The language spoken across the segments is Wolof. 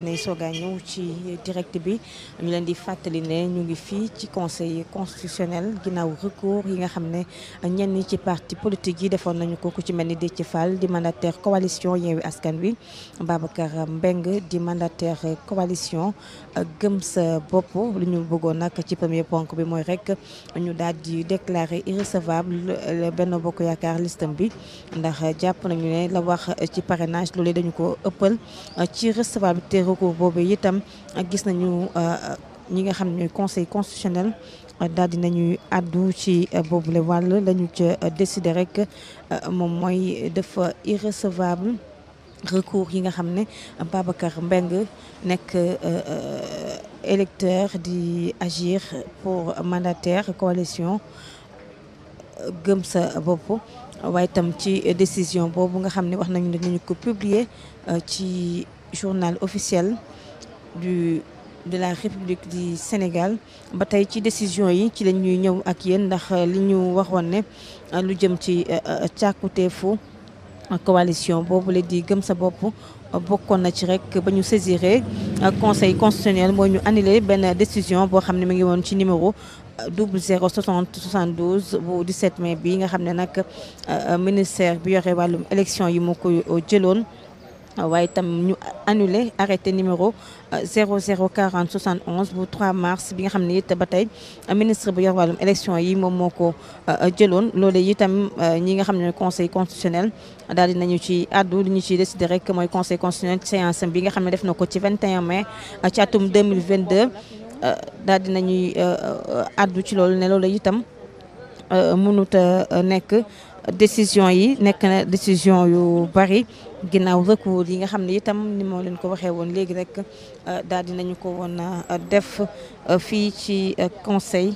ne soog a ci direct bi ñu leen di fàttali ne ñu ngi fii ci conseil constitutionnel ginnaaw recours yi nga xam ne ñenn ci parti politique yi defoon nañu ko ku ci mel ni Déthié Fall di mandataire coalition Yewwi Askan Wi Babacar mbeng di mandataire coalition Gëm Sa Bopp lu ñu bëggoon nag ci premier ponk bi mooy rek ñu daal di déclarer irrecevable benn Bokk Yaakaar listam bi ndax jàpp nañu ne la wax ci parrainage loolee dañu ko ëppal ci recevabilité recours boobu itam gis nañu euh, ñi nga xam ne ñooy conseil constitutionnel daal nañuy àddu ci euh, boobule wàll la ca euh, décider rek moom mooy dafa irrecevable recours yi nga xam ne Babacar mbeng nekk électeur di agir pour mandataire coalition gëm sa bopp waaye itam ci décision boobu nga xam ne wax nañu ne nañu ko publier ci journal officiel du de la République du Sénégal ba tey ci décision yi ci lañ ñuy ñëw ak yéen ndax li ñu waxoon ne euh, lu jëm ci euh, euh, càkkuteefu coalition boobu la di gëm sa bopp bokkoon na ci rek ba ñu saisiree conseil constitutionnel moo ñu annulé benn décision boo xam ne mu ngi woon ci numéro double zéro soixante soixante-douze bu 17 mai bi nga xam ne nag ministère bi yore wàllum élection yi moo ko jëloon waaye ah tam ñu annulé arrêté numéro 0040 euh, 71 bu 3 mars bi nga xam ne it ba tey euh, ministre bu yor wàllum élection yi moom moo ko euh, jëloon loole itam ñi nga xam ne conseil constitutionnel daal di nañu ci addu li ñu ciy décidé rek mooy conseil constitutionnel séance bi nga xam ne def na ko ci 21 mai ci atum 2022 daal di nañuy addu ci loolu ne loolu itam munut a nekk décision yi nekk na décision yu bari ginnaaw recours yi nga xam ne itam ni moo leen ko waxee woon léegi rek euh, daal dinañu ko woon euh, def euh, fii ci conseil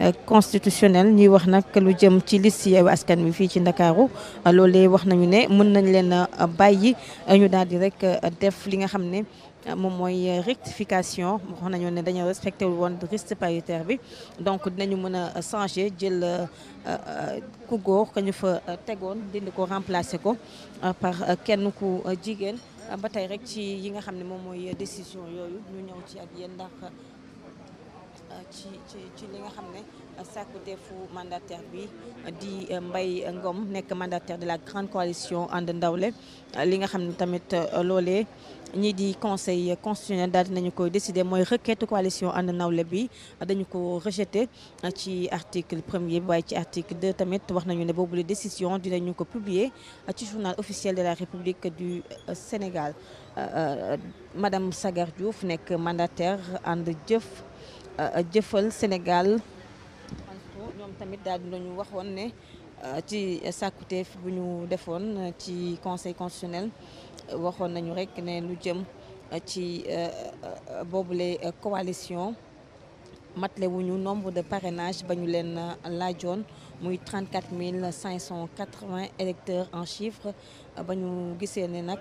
Euh, constitutionnel ñuy wax nag lu jëm ci liste yeewu askan wi fii ci ndakaaru euh, loolee wax nañu ne mën nañ leen a bàyyi euh, ñu daal di rek def li nga xam ne moom mooy rectification wax nañu ne dañoo respecté wul woon liste paritaire bi donc dinañu mën a changé jël ku góor ka fa tegoon dindi ko remplacer ko par kenn ku jigéen ba tey rek ci yi nga xam ne moom mooy décision yooyu ñu ñëw ci ak yenn ndax. ci ci ci li nga xam ne sàkkuteefu mandataire bi di euh, mbay Ngom nekk mandataire de la grande coalition ànd ndawle li nga xam ne tamit euh, loole ñii di conseil constitutionnel daal dinañu koy décider mooy requête coalition ànd ndawle bi dañu ko rejeté ci article premier bi waaye ci article deux tamit wax nañu ne boobu la décision dinañu ko publier ci journal officiel de la République du euh, Sénégal Madame Sagar Diouf nekk mandataire ànd jëf jëfal Sénégal ñoom tamit daal nañu waxoon ne ci sàkkuteef bu ñu defoon ci conseil constitutionnel waxoon nañu rek ne lu jëm ci boobule coalition matlewuñu nombre de parrainage ba ñu leen euh, laajoon muy mille cinq cent quatre 580 électeurs en chiffre euh, ba ñu gisee ne nag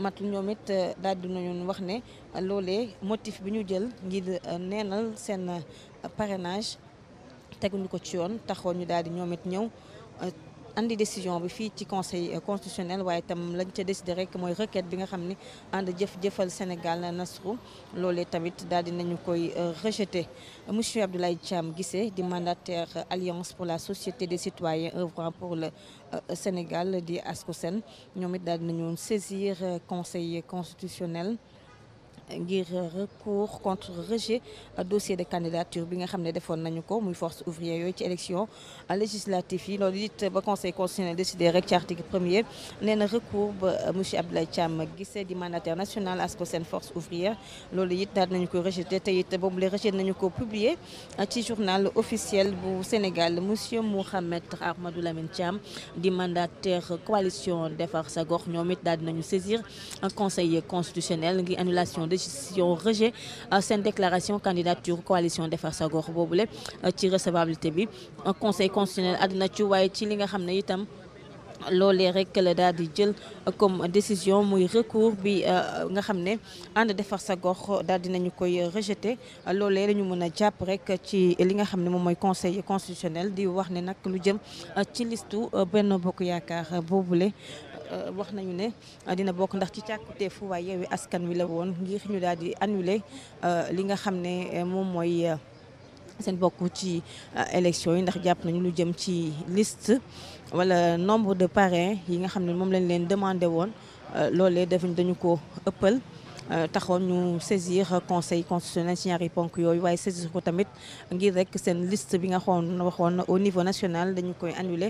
matul ñoom it euh, daal di nañu wax ne loole motif bi ñu jël ngir neenal seen parrainage teguñu ko ci yoon taxoon ñu daal di ñoom ñëw andi décision bi fii ci conseil euh, constitutionnel waaye itam lañ ca décidé rek mooy requête bi nga xam ni ànd jëf-jëfal Sénégal Nasrou loolee tamit daal di nañu koy euh, rejeté monsieur Abdoulaye Thiam Guissé di mandataire alliance pour la société des citoyens œuvrant pour le euh, Sénégal di ASCOSEN ñoom it daal di nañu saisir conseil constitutionnel. ngir recours contre rejet dossier de candidature bi nga xam ne defoon nañu ko muy force ouvrière yooyu ci élection législative yi loolu it ba conseil constitutionnel décidé rek ci article premier nee na recours ba monsieur Abdoulaye Thiam Guissé di mandataire national ASCO Sen force ouvrière loolu it daal nañu koy rejeté te it boobu le rejet nañu ko publié ci journal officiel bu Sénégal monsieur Mouhamed Ahmadou Lamine Thiam di mandataire coalition Defar sa gox ñoom it daal dinañu saisir un conseil constitutionnel décision rejet euh, seen déclaration candidature coalition defar sa gox boobu le euh, ci recevabilité bi conseil constitutionnel àddina ci waaye ci li nga xam ne itam loolee rek la daal di jël euh, comme décision muy recours bi nga xam ne ànd defar sa gox daal dinañu koy rejeté loolee la ñu mën a jàpp rek ci li nga xam ne moom mooy conseil constitutionnel di wax ne nag lu jëm ci listu benn bokk yaakaar boobule Euh, wax nañu ne dina bokk ndax ci càkkuteefu waaye Yewwi Askan Wi la woon ngir ñu daal di annuler euh, li nga xam ne euh, moom mooy seen bokk ci élection yi ndax jàpp nañu lu jëm ci list wala nombre de parrain yi nga xam ne moom lañ leen demandé woon loolee def dañu ko ëppal Euh, taxoon ñu saisir conseil constitutionnel ci ñaari ponk yooyu waaye saisir ko tamit ngir rek seen liste bi nga xoon waxoon au niveau national dañu koy annulé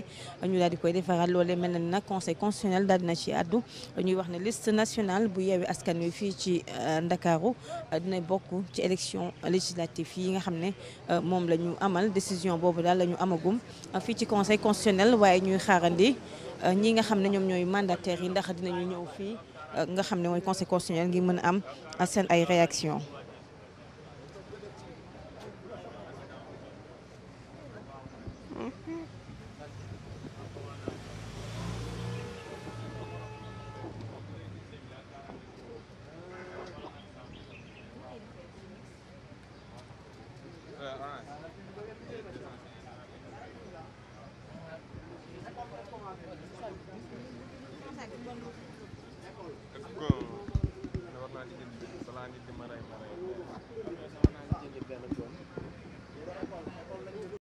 ñu daal di koy defaraat loolee mel na nag conseil constitutionnel daal dina ci addu ñuy wax ne liste national bu yeewee askan wi fii ci euh, Ndakaaru euh, dina bokk ci élection législative yi nga xam ne moom la ñu amal décision boobu daal la ñu amagum fii ci conseil constitutionnel waaye ñuy xaarandi ñi nga xam ne ñoom ñooy mandataires yi ndax dinañu ñëw fii nga xam ne mooy conséquence ngir mën a am seen ay réaction